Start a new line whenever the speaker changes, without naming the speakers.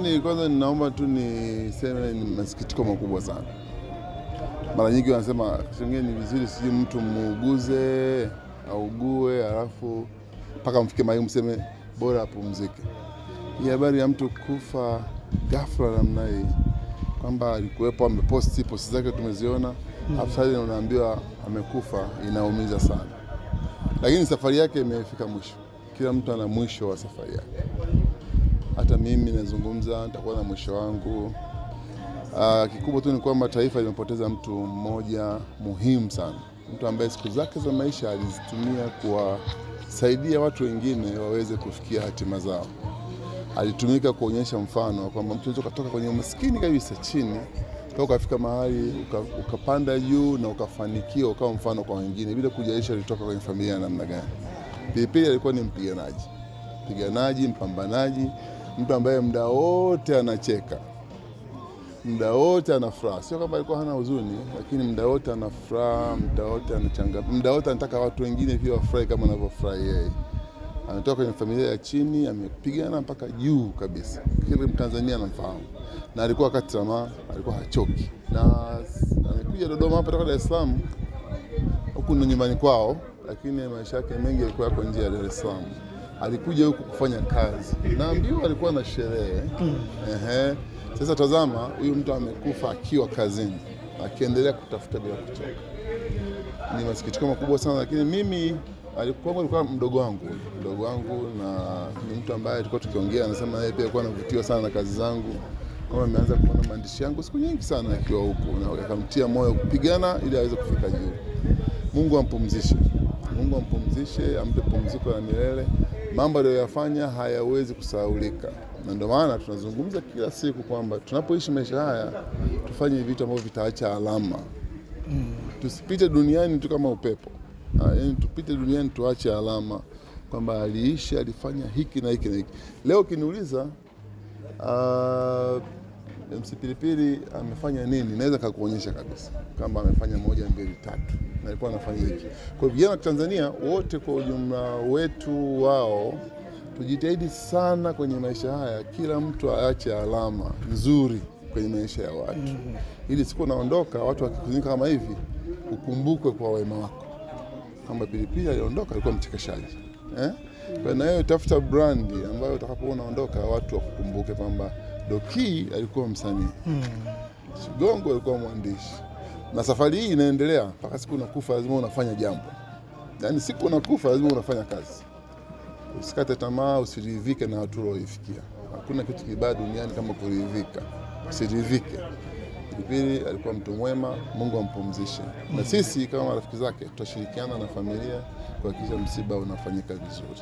Ni yaani kwanza ninaomba tu niseme ni masikitiko makubwa sana. Mara nyingi wanasema shingine ni vizuri, sijui mtu muuguze augue, alafu mpaka mfike mahali mseme bora apumzike. Hii habari ya mtu kufa ghafla namna hii kwamba alikuwepo ameposti posti zake tumeziona, mm. Afadhali unaambiwa amekufa, inaumiza sana, lakini safari yake imefika mwisho. Kila mtu ana mwisho wa safari yake hata mimi nazungumza nitakuwa na mwisho wangu. Uh, kikubwa tu ni kwamba taifa limepoteza mtu mmoja muhimu sana, mtu ambaye siku zake za maisha alizitumia kuwasaidia watu wengine waweze kufikia hatima zao. Alitumika kuonyesha mfano kwamba mtu anaweza kutoka kwenye umaskini kabisa chini ukafika mahali ukapanda juu na ukafanikiwa ukawa mfano kwa wengine bila kujalisha alitoka kwenye familia ya namna gani. Pilipili alikuwa ni mpiganaji, mpiganaji, mpambanaji mtu ambaye muda wote anacheka, muda wote ana furaha. Sio kama alikuwa hana huzuni, lakini muda wote ana furaha, muda wote anachanga, muda wote anataka watu wengine pia wafurahi kama anavyofurahi yeye. Ametoka kwenye familia ya chini, amepigana mpaka juu kabisa. Kila Mtanzania anamfahamu, na alikuwa kati tamaa, alikuwa hachoki, na amekuja Dodoma hapa toka Dar es Salaam, huku ndo nyumbani kwao, lakini maisha yake mengi yalikuwa yako nje ya Dar es Salaam alikuja huku kufanya kazi na alikuwa na sherehe mm. Ehe. Sasa tazama, huyu mtu amekufa akiwa kazini, akiendelea kutafuta bila kuchoka. Ni masikitiko makubwa sana, lakini mimi alikuwa alikuwa mdogo wangu mdogo wangu, na ni mtu ambaye alikuwa tukiongea, anasema yeye pia alikuwa anavutiwa sana na kazi zangu, kama ameanza kuona maandishi yangu siku nyingi sana akiwa huku, na akamtia moyo kupigana ili aweze kufika juu. Mungu ampumzishe, Mungu ampumzishe, ampe pumziko la milele mambo aliyoyafanya hayawezi kusahaulika, na ndio maana tunazungumza kila siku kwamba tunapoishi maisha haya tufanye vitu ambavyo vitaacha alama mm. Tusipite duniani tu kama upepo, ah, yani tupite duniani tuache alama kwamba aliishi, alifanya hiki na hiki na hiki. Leo ukiniuliza uh, MC Pilipili amefanya nini, naweza kakuonyesha kabisa kama amefanya moja mbili tatu, na alikuwa anafanya hiki. Kwa vijana wa Tanzania wote kwa ujumla wetu wao, tujitahidi sana kwenye maisha haya, kila mtu aache alama nzuri kwenye maisha ya watu mm -hmm. ili siku naondoka watu wakikuzunika kama hivi, ukumbukwe kwa wema wako, kwamba Pilipili aliondoka alikuwa mchekeshaji eh? mm -hmm. na tafuta brandi ambayo utakapoona ondoka watu wakukumbuke kwamba Doki alikuwa msanii hmm. Shigongo alikuwa mwandishi, na safari hii inaendelea mpaka siku unakufa, lazima unafanya jambo, yaani siku unakufa, lazima unafanya kazi. Usikate tamaa, usiridhike na hatua uliyoifikia. Hakuna kitu kibaya duniani kama kuridhika, usiridhike. Pilipili alikuwa mtu mwema, Mungu ampumzishe. Na sisi kama marafiki zake tutashirikiana na familia kuhakikisha msiba unafanyika vizuri.